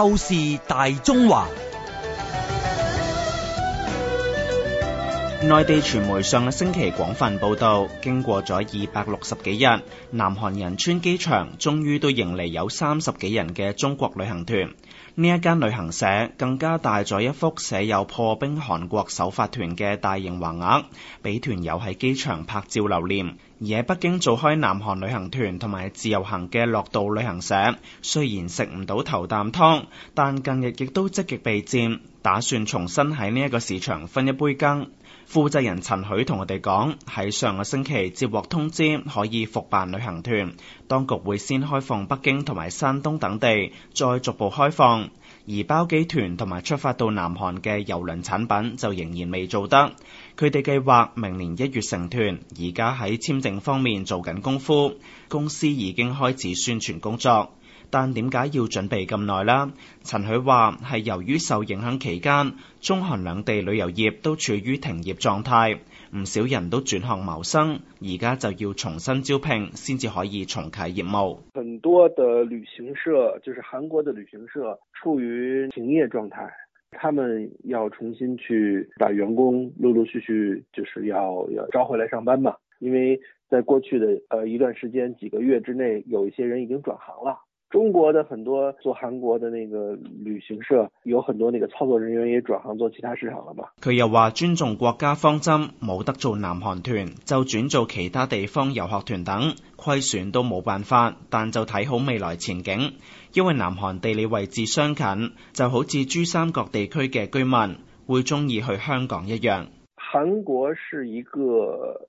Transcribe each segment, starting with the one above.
透視大中華。內地傳媒上個星期廣泛報導，經過咗二百六十幾日，南韓仁川機場終於都迎嚟有三十幾人嘅中國旅行團。呢一間旅行社更加帶咗一幅寫有破冰韓國首發團嘅大型橫額，俾團友喺機場拍照留念。而喺北京做開南韓旅行團同埋自由行嘅樂道旅行社，雖然食唔到頭啖湯，但近日亦都積極備戰。打算重新喺呢一個市場分一杯羹。負責人陳許同我哋講，喺上個星期接獲通知，可以復辦旅行團。當局會先開放北京同埋山東等地，再逐步開放。而包機團同埋出發到南韓嘅郵輪產品就仍然未做得。佢哋計劃明年一月成團，而家喺簽證方面做緊功夫。公司已經開始宣傳工作。但點解要準備咁耐啦？陳許話係由於受影響期間，中韓兩地旅遊業都處於停業狀態，唔少人都轉行謀生，而家就要重新招聘，先至可以重啟業務。很多的旅行社，就是韓國的旅行社，處於停業狀態，他們要重新去把員工陸陸續續，就是要要招回來上班嘛。因為在過去的呃一段時間，幾個月之內，有一些人已經轉行啦。中國的很多做韓國的那個旅行社，有很多那個操作人員也轉行做其他市場了嘛。佢又話尊重國家方針，冇得做南韓團，就轉做其他地方遊學團等，虧損都冇辦法，但就睇好未來前景，因為南韓地理位置相近，就好似珠三角地區嘅居民會中意去香港一樣。韓國是一個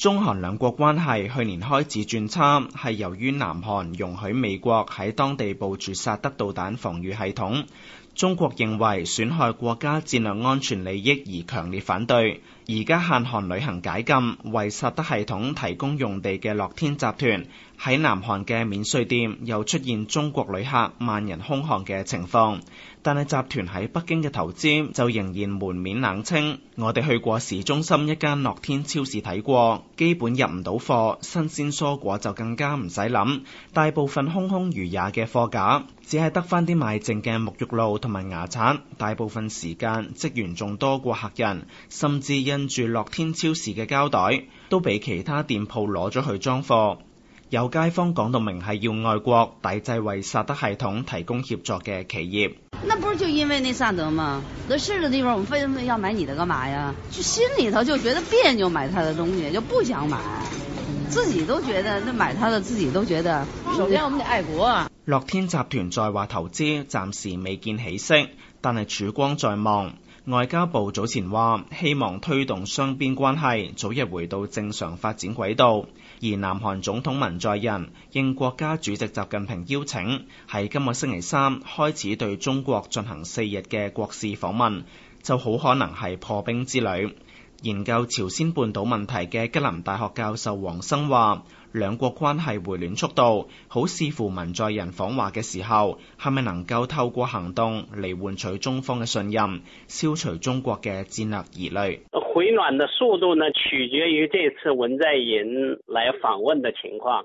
中韓兩國關係去年開始轉差，係由於南韓容許美國喺當地部署薩德導彈防禦系統，中國認為損害國家戰略安全利益而強烈反對。而家限韓旅行解禁，為薩德系統提供用地嘅樂天集團喺南韓嘅免稅店又出現中國旅客萬人空巷嘅情況，但係集團喺北京嘅投資就仍然門面冷清。我哋去過市中心一間樂天超市睇過，基本入唔到貨，新鮮蔬果就更加唔使諗，大部分空空如也嘅貨架，只係得翻啲賣剩嘅沐浴露同埋牙刷。大部分時間職員仲多過客人，甚至因跟住樂天超市嘅膠袋都俾其他店鋪攞咗去裝貨，有街坊講到明係要愛國，抵制為薩德系統提供協助嘅企業。那不是就因為那薩德嗎？那試的地方，我們為什麼要買你的？幹嗎呀？就心裏頭就覺得別扭，買他的東西就不想買，嗯，自己都覺得，那買他的自己都覺得，首先我們得愛國，啊。樂天集團在華投資暫時未見起色，但係曙光在望。外交部早前話，希望推動雙邊關係早日回到正常發展軌道。而南韓總統文在寅應國家主席習近平邀請，喺今個星期三開始對中國進行四日嘅國事訪問，就好可能係破冰之旅。研究朝鮮半島問題嘅吉林大學教授王生話：兩國關係回暖速度，好視乎文在寅訪華嘅時候，係咪能夠透過行動嚟換取中方嘅信任，消除中國嘅戰略疑慮。回暖嘅速度呢，取決於這次文在寅來訪問嘅情況。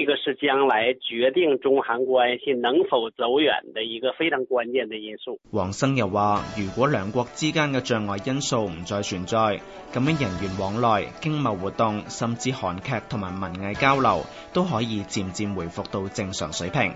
這個是將來決定中韓關係能否走遠的一個非常關鍵的因素。黃生又話，如果兩國之間嘅障礙因素唔再存在，咁樣人員往來、經貿活動，甚至韓劇同埋文藝交流，都可以漸漸回復到正常水平。